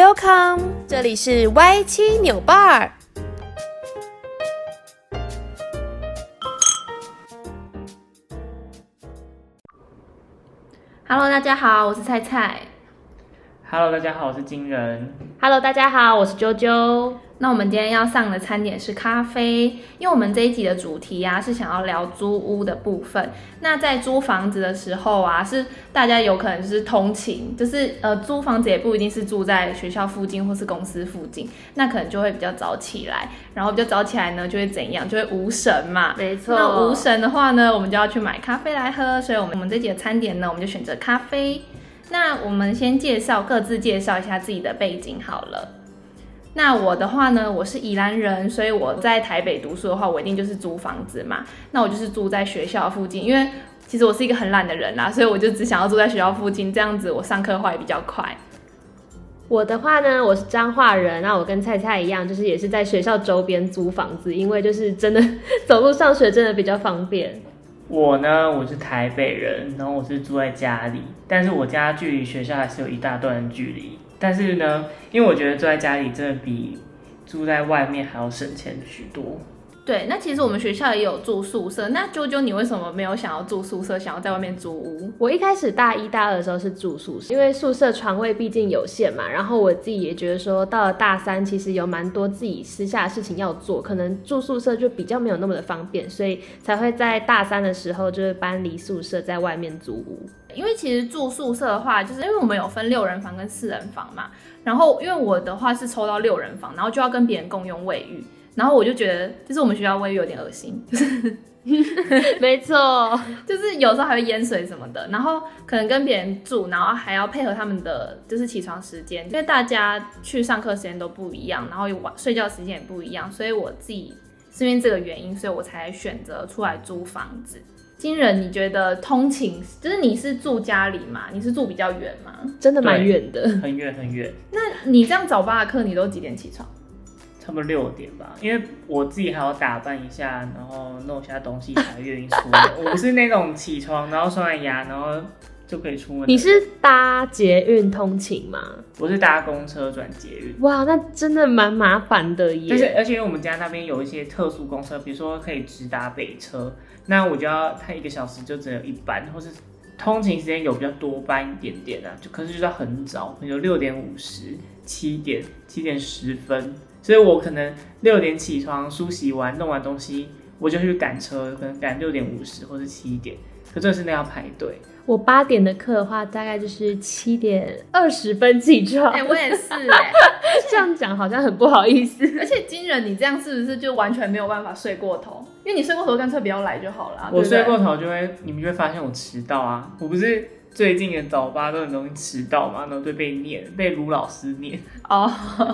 Welcome，這裡是歪七扭八。Hello，大家好，我是菜菜。Hello，大家好，我是金人。Hello，大家好，我是啾啾。那我們今天要上的餐點是咖啡，因為我們這一集的主題呀，是想要聊租屋的部分。那在租房子的時候啊，是大家有可能就是通勤，就是呃租房子也不一定是住在學校附近或是公司附近，那可能就會比較早起來，然後比較早起來呢就會怎樣，就會無神嘛。沒錯。那無神的話呢，我們就要去買咖啡來喝，所以我們我們這一集的餐點呢，我們就選擇咖啡。那我們先介紹，各自介紹一下自己的背景好了。那我的話呢，我是宜蘭人，所以我在台北讀書的話，我一定就是租房子嘛。那我就是住在學校附近，因為其實我是一個很懶的人啦，所以我就只想要住在學校附近，這樣子我上課的話也比較快。我的話呢，我是彰化人，那我跟蔡蔡一樣，就是也是在學校周邊租房子，因為就是真的走路上學真的比較方便。我呢，我是台北人，然後我是住在家裡，但是我家距離學校還是有一大段距離，但是呢，因為我覺得住在家裡真的比住在外面還要省錢許多。對，那其實我們學校也有住宿舍。那啾啾，你為什麼沒有想要住宿舍，想要在外面租屋？我一開始大一、大二的時候是住宿舍，因為宿舍床位畢竟有限嘛。然後我自己也覺得說，到了大三，其實有蠻多自己私下的事情要做，可能住宿舍就比較沒有那麼的方便，所以才會在大三的時候就是搬離宿舍，在外面租屋。因為其實住宿舍的話，就是因為我們有分六人房跟四人房嘛。然後因為我的話是抽到六人房，然後就要跟別人共用衛浴。然後我就覺得，就是我們學校微有點噁心，就是 沒錯，就是有時候還會淹水什麼的。然後可能跟別人住，然後還要配合他們的就是起床時間，因為大家去上課時間都不一樣，然後晚睡覺時間也不一樣，所以我自己是因為這個原因，所以我才選擇出來租房子。金人，你覺得通勤就是你是住家裡嗎？你是住比較遠嗎？真的蠻遠的，很遠很遠。那你這樣早八的課，你都幾點起床？差不多六點吧，因為我自己還要打扮一下，然後弄一下東西才願意出來。 我不是那種起床然後刷完牙然後就可以出門，那個。你是搭捷運通勤嗎？我是搭公車轉捷運。哇，那真的蠻麻煩的耶。就而且我們家那邊有一些特殊公車，比如說可以直達北車，那我就要它一個小時就只有一班，或是通勤時間有比較多班一點點啊。就可是就要很早，可能六點五十、七點、七點十分。所以我可能六點起床梳洗完弄完東西，我就去趕車，可能趕六點五十或是七點。可真的是要排隊。我八點的課的話，大概就是七點二十分起床。哎、欸，我也是、欸，哎， 這樣講好像很不好意思。 而且金人，你這樣是不是就完全沒有辦法睡過頭？因為你睡過頭乾脆不要來就好了。我睡過頭就會，嗯、你們就會發現我遲到啊！我不是。最近的早八都很容易遲到嘛，然後就被念，被盧老師念。哦、oh，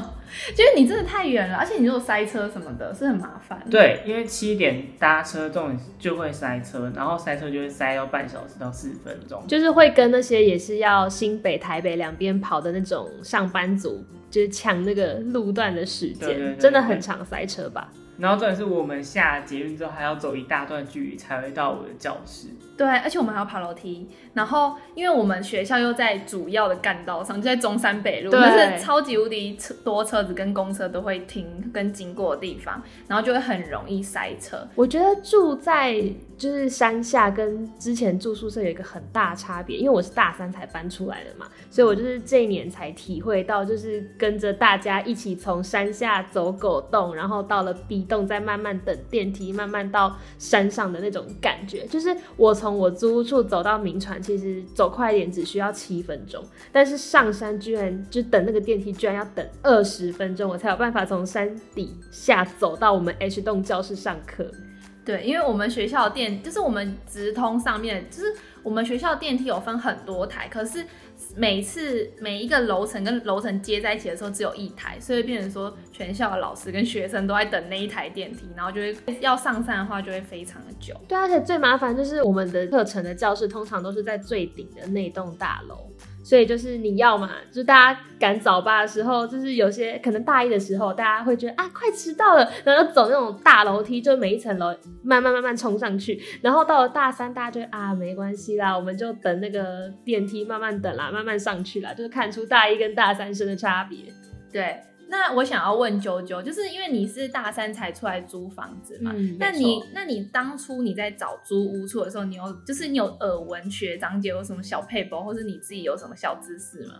就是你真的太遠了，而且你如果塞車什麼的，是很麻煩。對，因為七點搭車，這種就會塞車，然後塞車就會塞到半小時到四十分鐘，就是會跟那些也是要新北、台北兩邊跑的那種上班族，就是搶那個路段的時間，真的很常塞車吧。然後重點是我們下捷運之後還要走一大段距離才會到我的教室。對，而且我們還要爬樓梯。然後，因為我們學校又在主要的幹道上，就在中山北路，對，就是超級無敵車多，車子跟公車都會停跟經過的地方，然後就會很容易塞車。我覺得住在就是山下跟之前住宿舍有一個很大差別，因為我是大三才搬出來的嘛，所以我就是這一年才體會到，就是跟着大家一起從山下走狗洞，然後到了 B。動在慢慢等電梯，慢慢到山上的那種感覺，就是我從我租屋處走到民船，其實走快一點只需要七分鐘，但是上山居然就等那個電梯，居然要等二十分鐘，我才有辦法從山底下走到我們 H 棟教室上課。對，因為我們學校電就是我們直通上面，就是我們學校電梯有分很多台，可是。每次每一個樓層跟樓層接在一起的時候，只有一台，所以變成說全校的老師跟學生都在等那一台電梯，然後就會要上山的話就會非常的久。對，而且最麻煩就是我們的課程的教室通常都是在最頂的那棟大樓。所以就是你要嘛，就大家趕早八的時候，就是有些可能大一的時候，大家會覺得啊快遲到了，然後走那種大樓梯，就每一層樓慢慢慢慢衝上去，然後到了大三，大家就啊沒關係啦，我們就等那個電梯，慢慢等啦，慢慢上去啦，就是看出大一跟大三生的差別。對。那我想要問啾啾，就是因為你是大三才出來租房子嘛？嗯、那你那你當初你在找租屋處的時候，你有就是你有耳聞學長姐有什麼小撇步，或是你自己有什麼小知識嗎？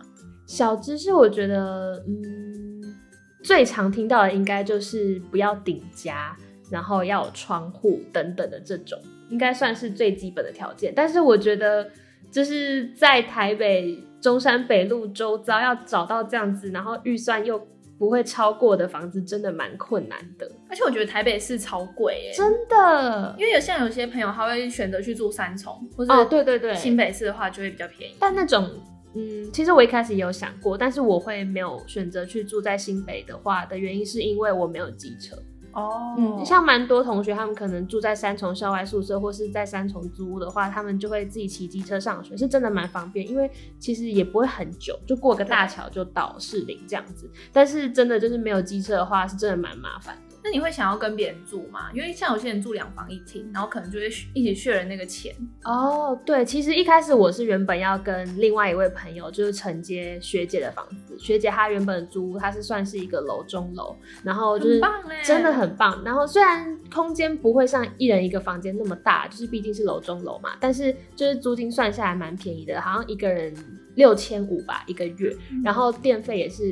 小知識，我覺得嗯，最常聽到的應該就是不要頂加，然後要有窗戶等等的這種，應該算是最基本的條件。但是我覺得就是在台北中山北路周遭要找到這樣子，然後預算又不會超過的房子真的蠻困難的，而且我覺得台北市超貴哎、欸，真的。因為有像有些朋友他會選擇去住三重，或者、哦、對對對，新北市的話就會比較便宜。但那種嗯，其實我一開始也有想過，但是我會沒有選擇去住在新北的話的原因，是因為我沒有機車。哦，嗯，像蠻多同學，他們可能住在三重校外宿舍，或是在三重租屋的話，他們就會自己騎機車上學，是真的蠻方便，因為其實也不會很久，就過個大橋就到士林這樣子。但是真的就是沒有機車的話，是真的蠻麻煩的。那你會想要跟別人住嗎？因為像有些人住兩房一廳，然後可能就會一起 share 那個錢。哦、oh，對，其實一開始我是原本要跟另外一位朋友，就是承接學姐的房子。學姐她原本租，她是算是一個樓中樓，然後就是棒，真的很棒，然後雖然空間不會像一人一個房間那麼大，就是畢竟是樓中樓嘛，但是就是租金算下來蠻便宜的，好像一個人六千五吧一個月，嗯、然後電費也是。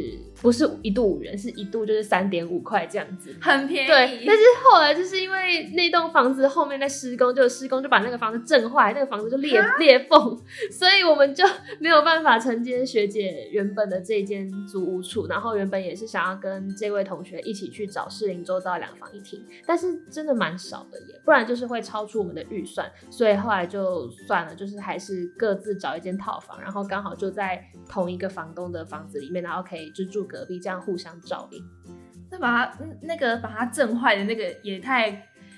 不是一度五元，是一度就是三點五塊這樣子，很便宜。對，但是後來就是因為那棟房子後面在施工，就施工就把那個房子震壞，那個房子就裂、啊、裂縫，所以我們就沒有辦法承接學姐原本的這間租屋處。然後原本也是想要跟這位同學一起去找適齡周遭兩房一廳，但是真的蠻少的耶，也不然就是會超出我們的預算，所以後來就算了，就是還是各自找一間套房，然後剛好就在同一個房東的房子裡面，然後可以就住。隔壁這樣互相照應，那把它、嗯、那個把它震壞的那個也太，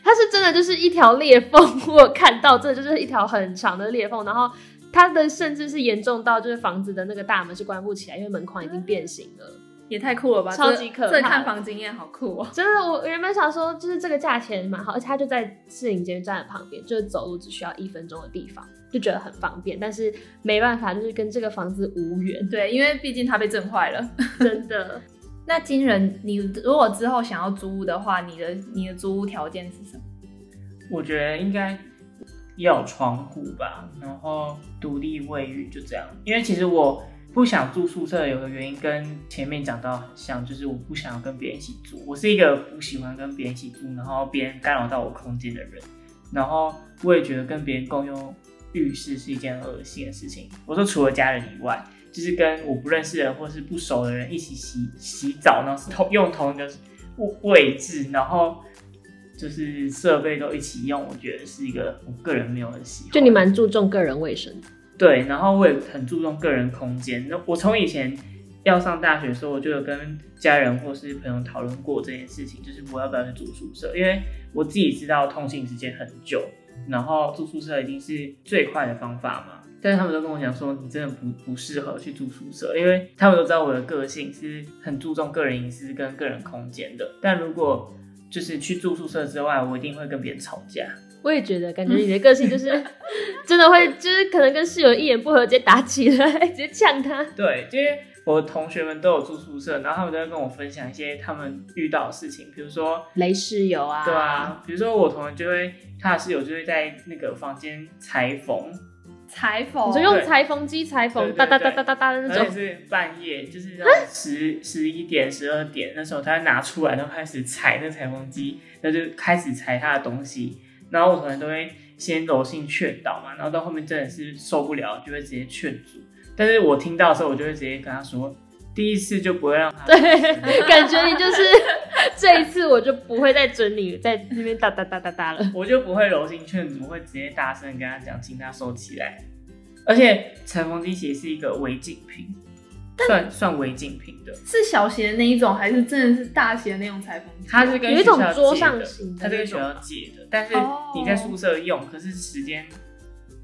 它是真的就是一條裂縫，我看到這就是一條很長的裂縫，然後它的甚至是嚴重到就是房子的那個大門是關不起來，因為門框已經變形了。嗯也太酷了吧！超級可怕這，這看房經驗好酷啊，喔！真的，就是我原本想說，就是這個價錢蠻好，而且它就在市影街站的旁邊，就是走路只需要一分鐘的地方，就覺得很方便。但是沒辦法，就是跟這個房子無緣。對，因為畢竟它被震壞了， 真的。那金人，你如果之後想要租屋的話，你的你的租屋條件是什麼？我覺得應該要有窗戶吧，然後獨立衛浴就這樣。因為其實我。不想住宿舍，有個原因跟前面講到很像，就是我不想要跟別人一起住。我是一個不喜歡跟別人一起住，然後別人干擾到我空間的人。然後我也覺得跟別人共用浴室是一件噁心的事情。我說除了家人以外，就是跟我不認識的人或是不熟的人一起洗洗澡，然後用同一個位置，然後就是設備都一起用，我覺得是一個我個人沒有很喜歡的。就你蠻注重個人衛生。對，然後我也很注重個人空間。那我從以前要上大學的時候，我就有跟家人或是朋友討論過這件事情，就是我要不要去住宿舍。因為我自己知道通勤時間很久，然後住宿舍一定是最快的方法嘛。但是他們都跟我講說，你真的不不適合去住宿舍，因為他們都知道我的個性是很注重個人隱私跟個人空間的。但如果就是去住宿舍之外，我一定會跟別人吵架。我也覺得，感覺你的個性就是 真的會，就是可能跟室友一言不合直接打起來，直接嗆他。對，因為我同學們都有住宿舍，然後他們都會跟我分享一些他們遇到的事情，比如說雷室友啊。對啊，比如說我同學就會，他的室友就會在那個房間裁縫，裁縫，就用裁縫機裁縫，噠噠噠噠噠噠的那種，而是半夜，就是十十一點、十二點那時候，他拿出來然後開始踩那裁縫機，那就開始裁他的東西。然後我可能都會先柔性勸導嘛，然後到後面真的是受不了，就會直接勸阻。但是我聽到的時候，我就會直接跟他說，第一次就不會讓他。對，感覺你就是 這一次，我就不會再准你在那邊噠噠噠噠噠了。我就不會柔性勸阻，我會直接大聲跟他講，請他收起來。而且陳縫機鞋是一個違禁品。算算違禁品的，是小型的那一種，還是真的是大型的那種裁縫。它是跟學校借的，有一種桌上型的，它跟學校借的，但是你在宿舍用，哦，可是時間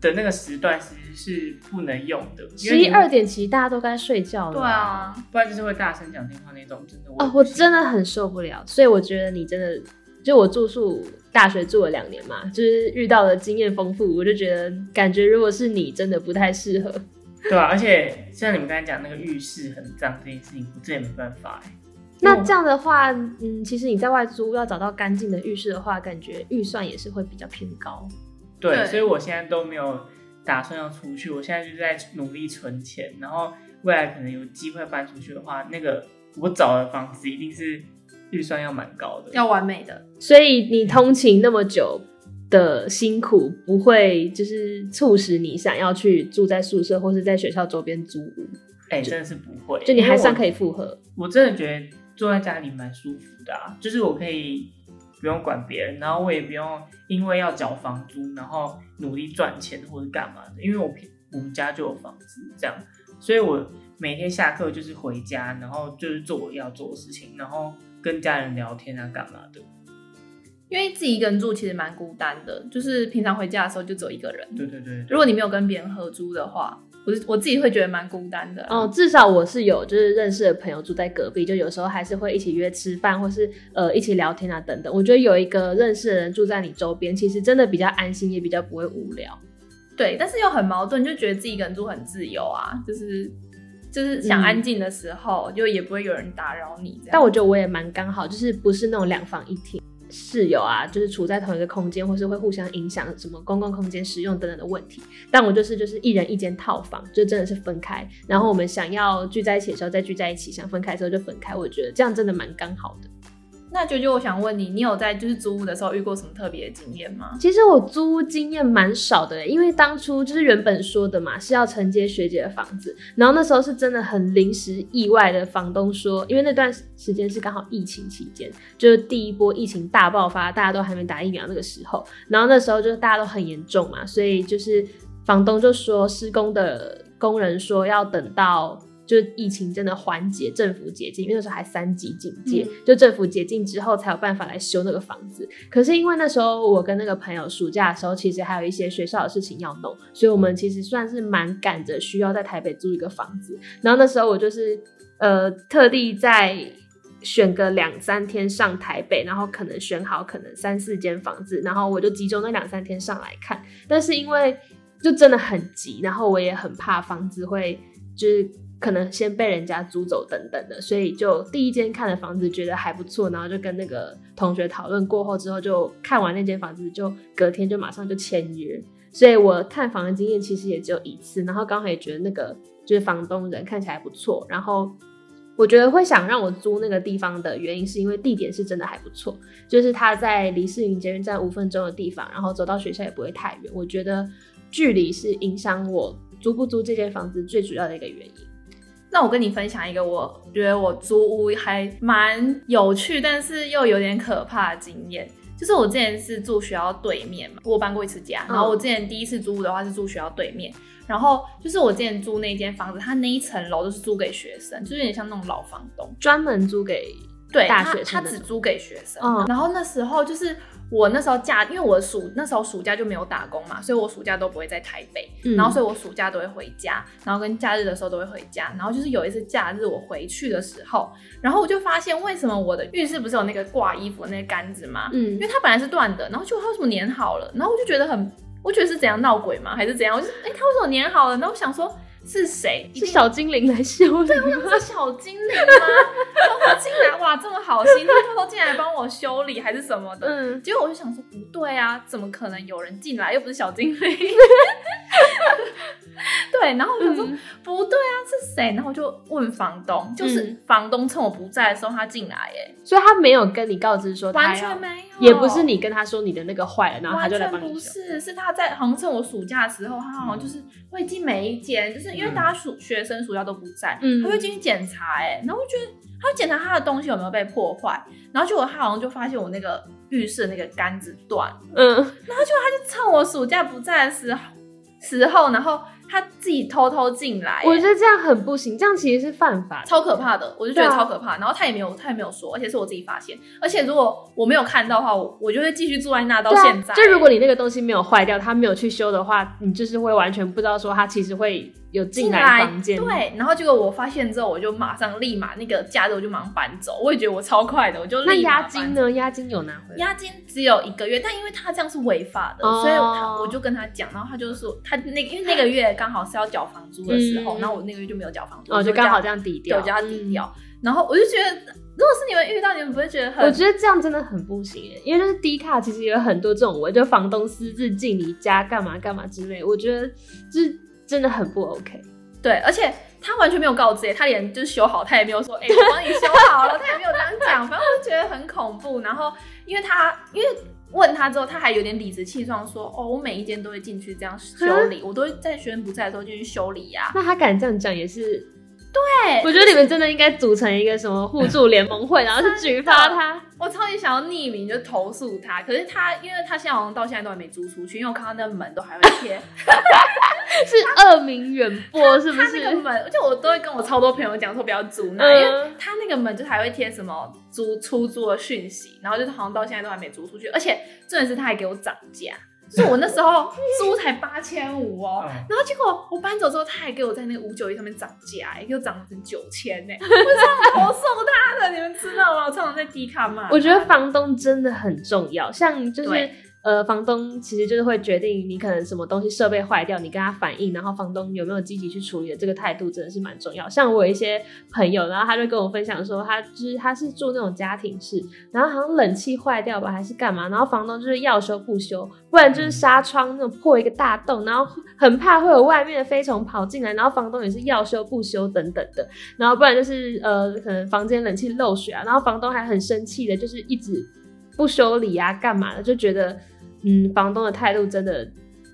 的那個時段其實是,是不能用的，十一二點其實大家都該睡覺了、啊，對啊，不然就是會大聲講電話那種，真的我哦，我真的很受不了，所以我覺得你真的，就我住宿大學住了兩年嘛，就是遇到了經驗豐富，我就覺得感覺如果是你，真的不太適合。 對啊，而且像你們剛才講那個浴室很髒這件事情，我這也沒辦法、欸、那這樣的話嗯，嗯，其實你在外租屋要找到乾淨的浴室的話，感覺預算也是會比較偏高對。對，所以我現在都沒有打算要出去，我現在就在努力存錢，然後未來可能有機會搬出去的話，那個我找的房子一定是預算要蠻高的，要完美的。所以你通勤那麼久。 的辛苦不會就是促使你想要去住在宿舍，或是在學校周邊租屋？哎、欸，真的是不會，就你還算可以負荷。我真的覺得坐在家裡蠻舒服的、啊，就是我可以不用管別人，然後我也不用因為要繳房租，然後努力賺錢或者幹嘛的，因為我我們家就有房子這樣，所以我每天下課就是回家，然後就是做我要做的事情，然後跟家人聊天啊幹嘛的。因為自己一個人住其實蠻孤單的，就是平常回家的時候就只有一個人。對對對。如果你沒有跟別人合租的話，我我自己會覺得蠻孤單的。哦，至少我是有就是認識的朋友住在隔壁，就有時候還是會一起約吃飯，或是呃一起聊天啊等等。我覺得有一個認識的人住在你周邊，其實真的比較安心，也比較不會無聊。對，但是又很矛盾，就覺得自己一個人住很自由啊，就是就是想安靜的時候、嗯、就也不會有人打擾你。但我覺得我也蠻剛好，就是不是那種兩房一廳。室友啊，就是處在同一個空間，或是會互相影響什麼公共空間使用等等的問題。但我就是就是一人一間套房，就真的是分開。然後我們想要聚在一起的時候再聚在一起，想分開的時候就分開。我覺得這樣真的蠻剛好的。那九九，我想問你，你有在就是租屋的時候遇過什麼特別的經驗嗎？其實我租屋經驗蠻少的欸，因為當初就是原本說的嘛，是要承接學姐的房子，然後那時候是真的很臨時意外的，房東說，因為那段時間是剛好疫情期間，就是第一波疫情大爆發，大家都還沒打疫苗那個時候，然後那時候就大家都很嚴重嘛，所以就是房東就說施工的工人說要等到。就疫情真的緩解，政府解禁，因為那時候還三級警戒。嗯，就政府解禁之後才有辦法來修那個房子。可是因為那時候我跟那個朋友暑假的時候，其實還有一些學校的事情要弄，所以我們其實算是蠻趕着需要在台北租一個房子。然後那時候我就是呃特地在選個兩三天上台北，然後可能選好可能三四間房子，然後我就集中那兩三天上來看。但是因為就真的很急，然後我也很怕房子會就是。可能先被人家租走等等的，所以就第一間看的房子覺得還不錯，然後就跟那個同學討論過後之後，就看完那間房子，就隔天就馬上就簽約。所以我看房的經驗其實也只有一次。然後剛好也覺得那個就是房東人看起來不錯，然後我覺得會想讓我租那個地方的原因，是因為地點是真的還不錯，就是他在離世運捷運站五分鐘的地方，然後走到學校也不會太遠。我覺得距離是影響我租不租這間房子最主要的一個原因。那我跟你分享一個，我覺得我租屋還蠻有趣，但是又有點可怕的經驗。就是我之前是住學校對面嘛，我搬過一次家，嗯。然後我之前第一次租屋的話是住學校對面，然後就是我之前租那間房子，它那一層樓都是租給學生，就是有點像那種老房東，專門租給大學生。對，他他只租給學生，嗯。然後那時候就是。我那時候假，因為我暑那時候暑假就沒有打工嘛，所以我暑假都不會在台北。嗯，然後所以我暑假都會回家，然後跟假日的時候都會回家，然後就是有一次假日我回去的時候，然後我就發現為什麼我的浴室不是有那個掛衣服的那個桿子嗎？嗯，因為它本來是斷的，然後就它為什麼粘好了？然後我就覺得很，我覺得是怎樣鬧鬼嗎，還是怎樣？我就哎、欸，它為什麼粘好了？那我想說。是誰？是小精靈來修理？對我有說小精靈嗎？偷偷進來，哇，這麼好心，他偷偷進來幫我修理還是什麼的？嗯，結果我就想說，不對啊，怎麼可能有人進來？又不是小精靈。 對，然後我就說、嗯、不對啊，是誰？然後我就問房東，嗯、就是房東趁我不在的時候他進來耶、嗯。所以他沒有跟你告知說他完全沒有，也不是你跟他說你的那個壞了，然後他就來幫你修，完全不是，是他在好像趁我暑假的時候，他好像就是會進每一間就是因為大家暑、嗯、學生暑假都不在，他就進去檢查哎，然後我覺得他檢查他的東西有沒有被破壞，然後結果他好像就發現我那個浴室那個杆子斷，嗯，然後結果他就趁我暑假不在的時候，時候然後。他自己偷偷進來，我覺得這樣很不行，這樣其實是犯法的，超可怕的，我就覺得超可怕。然後他也沒有，他也沒有說，而且是我自己發現。而且如果我沒有看到的話，我就會繼續住在那到現在。就如果你那個東西沒有壞掉，他沒有去修的話，你就是會完全不知道說他其實會有進來的房間。對，然後結果我發現之後，我就馬上立馬那個架子我就馬上搬走。我也覺得我超快的，我就立馬搬。那押金呢？押金有拿回來？押金只有一個月，但因為他這樣是違法的，oh. 所以他我就跟他講，然後他就是說他那個、因為那個月。剛好是要繳房租的時候，那、嗯、我那個月就沒有繳房租，嗯、我就剛好這樣抵掉，就叫他抵掉、嗯。然後我就覺得，如果是你們遇到，你們不會覺得很？我覺得這樣真的很不行耶，因為就是 Dcard 其實有很多這種，我就房東私自進你家幹嘛幹嘛之類，我覺得就是真的很不 OK。對，而且他完全沒有告知，他連就是修好，他也沒有說，哎、欸，我幫你修好了， 他也沒有這樣講，反正我就覺得很恐怖。然後因為他因為。問他之後，他還有點理直氣壯說：“哦，我每一間都會進去這樣修理，我都會在學生不在的時候進去修理呀。”那他敢這樣講也是，對，我覺得你們真的應該組成一個什麼互助聯盟會，嗯、然後去舉發他。我超級想要匿名就投訴他，可是他，因為他現在好像到現在都還沒租出去，因為我看到那個門都還會貼， 是惡名遠播是不是？他，他那個門，而且我都會跟我超多朋友講說不要租那樣，因、嗯、為他那個門就還會貼什麼租出租的訊息，然後就是好像到現在都還沒租出去，而且重點是他還給我漲價。就 我那時候租才八千五哦， 然後結果我搬走之後，他還給我在那個五九一上面漲價，又漲成九千呢， 我是在投訴他的，你們知道嗎？我常常在低卡嘛。我覺得房東真的很重要， 像就是。呃，房東其實就是會決定你可能什麼東西設備壞掉，你跟他反映，然後房東有沒有積極去處理的這個態度真的是蠻重要。像我有一些朋友，然後他就跟我分享說，他就是他是住那種家庭式，然後好像冷氣壞掉吧，還是幹嘛，然後房東就是要修不修，不然就是紗窗那種破一個大洞，然後很怕會有外面的飛蟲跑進來，然後房東也是要修不修等等的，然後不然就是，呃，可能房間冷氣漏水啊，然後房東還很生氣的，就是一直不修理啊，幹嘛的，就覺得。嗯，房東的態度真的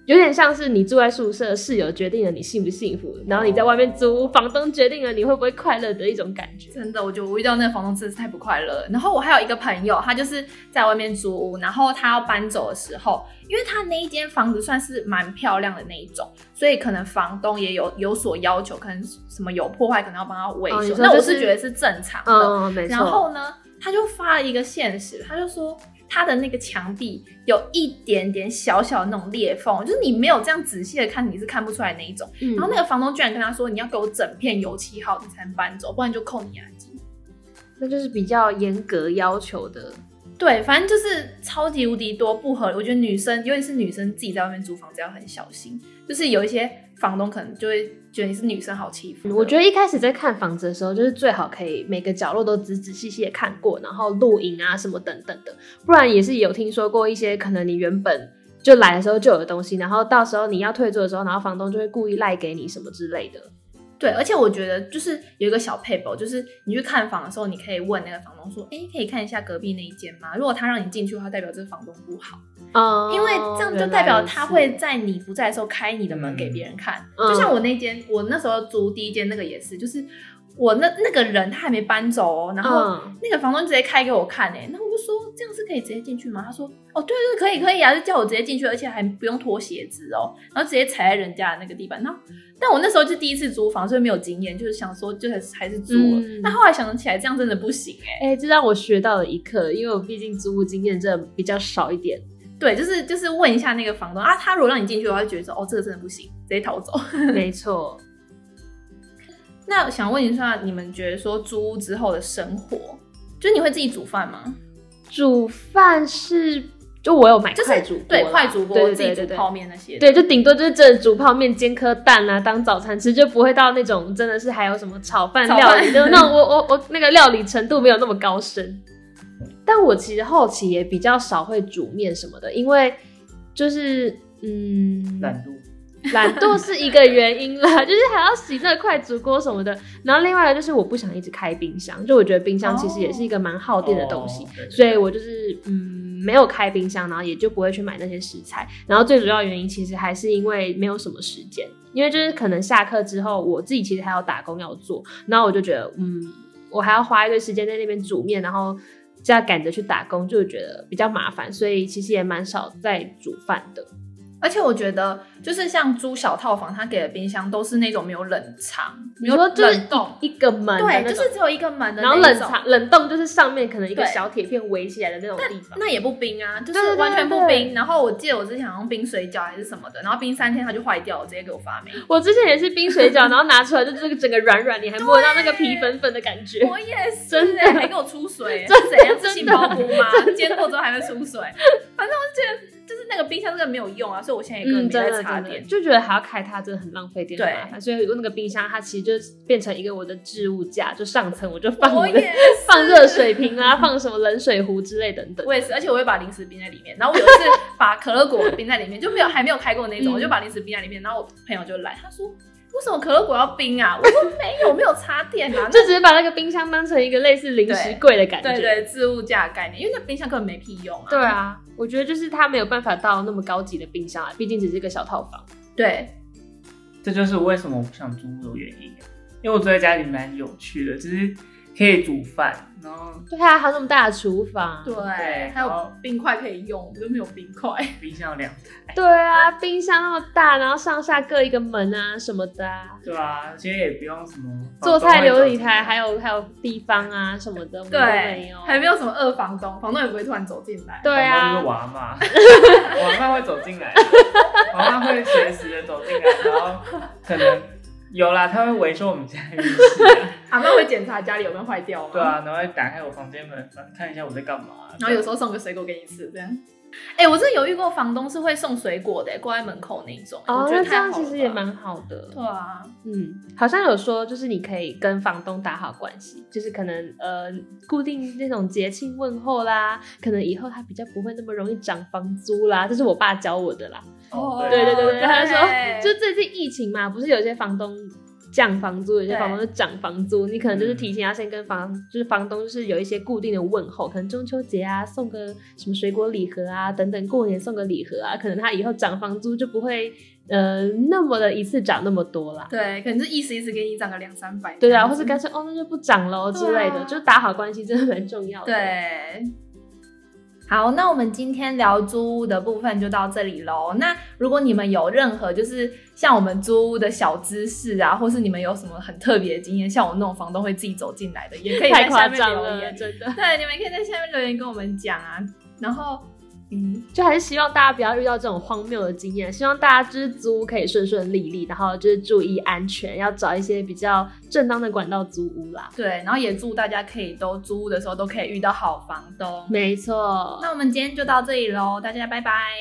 有點像是你住在宿舍，室友決定了你幸不幸福；然後你在外面租，哦、房東決定了你會不會快樂的一種感覺。真的，我覺得我遇到那個房東真的是太不快樂了。然後我還有一個朋友，他就是在外面租屋，然後他要搬走的時候，因為他那一間房子算是蠻漂亮的那一種，所以可能房東也有有所要求，可能什麼有破壞，可能要幫他維修，哦。那我是覺得是正常的，哦。然後呢，他就發了一個現實，他就說。他的那個牆壁有一點點小小的那種裂縫，就是你沒有這樣仔細的看，你是看不出來那一種。嗯。然後那個房東居然跟他說：“你要給我整片油漆好，你才能搬走，不然就扣你押金。”那就是比較嚴格要求的。對，反正就是超級無敵多不合理。我覺得女生，尤其是女生自己在外面租房子要很小心，就是有一些。房東可能就會覺得你是女生好欺負，嗯。我覺得一開始在看房子的時候，就是最好可以每個角落都仔仔細細的看過，然後錄影啊什麼等等的，不然也是有聽說過一些可能你原本就來的時候就有的東西，然後到時候你要退租的時候，然後房東就會故意賴給你什麼之類的。對，而且我覺得就是有一個小撇步，就是你去看房的時候，你可以問那個房東說：“哎，可以看一下隔壁那一間嗎？”如果他讓你進去的話，代表這個房東不好，哦、oh。因為這樣就代表他會在你不在的時候開你的門給別人看。就像我那間，我那時候租第一間那個也是，就是。我那那個人他還沒搬走哦，然後那個房東直接開給我看哎，那、嗯、我就說，這樣是可以直接進去嗎？他說哦，對對可以可以啊，就叫我直接進去，而且還不用脫鞋子哦，然後直接踩在人家的那個地板。那但我那時候就第一次租房，所以沒有經驗，就是想說就還是，還是租了。那、嗯、後來想起來這樣真的不行哎，哎、欸，就讓我學到了一課，因為我畢竟租屋經驗真的比較少一點。對，就是就是問一下那個房東啊，他如果讓你進去的話，的他就覺得說哦這個真的不行，直接逃走。 沒錯。那想問一下、嗯，你們覺得說租屋之後的生活，就你會自己煮飯嗎？煮飯是就我有買快煮鍋，對，快煮鍋、就是，自己煮泡麵那些，對，就頂多就是這煮泡麵、煎顆蛋啊，當早餐吃，其實就不會到那種真的是還有什麼炒飯料理的。那 我我我那個料理程度沒有那麼高深，但我其實後期也比較少會煮麵什麼的，因為就是嗯懶惰是一個原因啦， 就是還要洗那快煮鍋什麼的。然後另外就是我不想一直開冰箱，就我覺得冰箱其實也是一個蠻耗電的東西，oh, oh, okay, okay, okay. 所以我就是嗯沒有開冰箱，然後也就不會去買那些食材。然後最主要原因其實還是因為沒有什麼時間，因為就是可能下課之後我自己其實還要打工要做，然後我就覺得嗯我還要花一堆時間在那邊煮麵，然後這樣趕着去打工，就覺得比較麻煩，所以其實也蠻少在煮飯的。而且我覺得，就是像租小套房，他給的冰箱都是那種沒有冷藏、沒有冷凍一個門的，那個，對，就是只有一個門的。然後冷藏、冷凍就是上面可能一個小鐵片圍起來的那種地方。那也不冰啊，就是完全不冰。對對對對，然後我記得我之前好像冰水餃還是什麼的，然後冰三天它就壞掉了，直接給我發霉。我之前也是冰水餃，然後拿出來就是整個軟軟， 你還摸得到那個皮粉粉的感覺。我也是，真的還給我出水，這誰？這是杏鮑菇嗎？煎過之後還會出水？反正我之前。就是那個冰箱真的沒有用啊，所以我現在也更在差點、嗯，就覺得還要開它真的很浪費電，很麻煩。對，所以那個冰箱它其實就變成一個我的置物架，就上層我就放我的，放熱水瓶啊， 放什麼冷水壺之類等等。我也是，而且我會把零食冰在裡面，然後我有一次把可樂果冰在裡面， 就沒有還沒有開過那種， 我就把零食冰在裡面，然後我朋友就來，他說。為什麼可樂果要冰啊？我說沒有， 沒有插電啊，就只是把那個冰箱當成一個類似零食櫃的感覺，對，對，對，對，置物架概念，因為那個冰箱根本沒屁用啊。對啊，我覺得就是它沒有辦法到那麼高級的冰箱啊，畢竟只是一個小套房。對，這就是為什麼我不想租的原因，因為我坐在家裡蠻有趣的，就是。可以煮飯，然後對啊，還有那麼大的廚房，對，對，還有冰塊可以用，我們沒有冰塊，冰箱有兩台，對啊，冰箱那麼大，然後上下各一個門啊什麼的、啊，對啊，其實也不用什麼做、喔、菜料理台還，還有還有地方啊什麼的，對， 還沒有什麼二房東，房東也不會突然走進來，對啊，娃嘛晚上會走進來，晚 上、啊、會隨時的走進來，然後可能有啦，他會圍住我們家浴室。 阿、啊、媽會檢查家裡有沒有壞掉嗎？對啊，然後打開我房間門，看一下我在幹嘛。然後有時候送個水果給你吃，這樣。哎、欸，我真的遇過，房東是會送水果的，掛在門口那一種。哦、oh,，那這樣其實也蠻好的。對啊，嗯，好像有說，就是你可以跟房東打好關係，就是可能呃，固定那種節慶問候啦，可能以後他比較不會那麼容易漲房租啦。這是我爸教我的啦。哦、oh,。對對對對，對他就說，就最近疫情嘛，不是有些房東。降房租，有些房東就漲房租。你可能就是提前要先跟房，嗯、就是房東就是有一些固定的問候，可能中秋節啊，送個什麼水果禮盒啊等等，過年送個禮盒啊，可能他以後漲房租就不會呃那麼的一次漲那麼多啦。對，可能就意思意思給你漲個兩三百。對啊，或者乾脆哦，那就不漲嘍之類的、啊，就打好關係真的蠻重要的。對。好，那我們今天聊租屋的部分就到這裡嘍。那如果你們有任何就是像我們租屋的小知識啊，或是你們有什麼很特別的經驗，像我那種房東會自己走進來的，也可以在下面留言。太誇張了，真的，對，你們可以在下面留言跟我們講啊。然後。嗯，就還是希望大家不要遇到這種荒謬的經驗，希望大家就是租屋可以順順利利，然後就是注意安全，要找一些比較正當的管道租屋啦。對，然後也祝大家可以都租屋的時候都可以遇到好房東。沒錯，那我們今天就到這裡嘍，大家拜拜。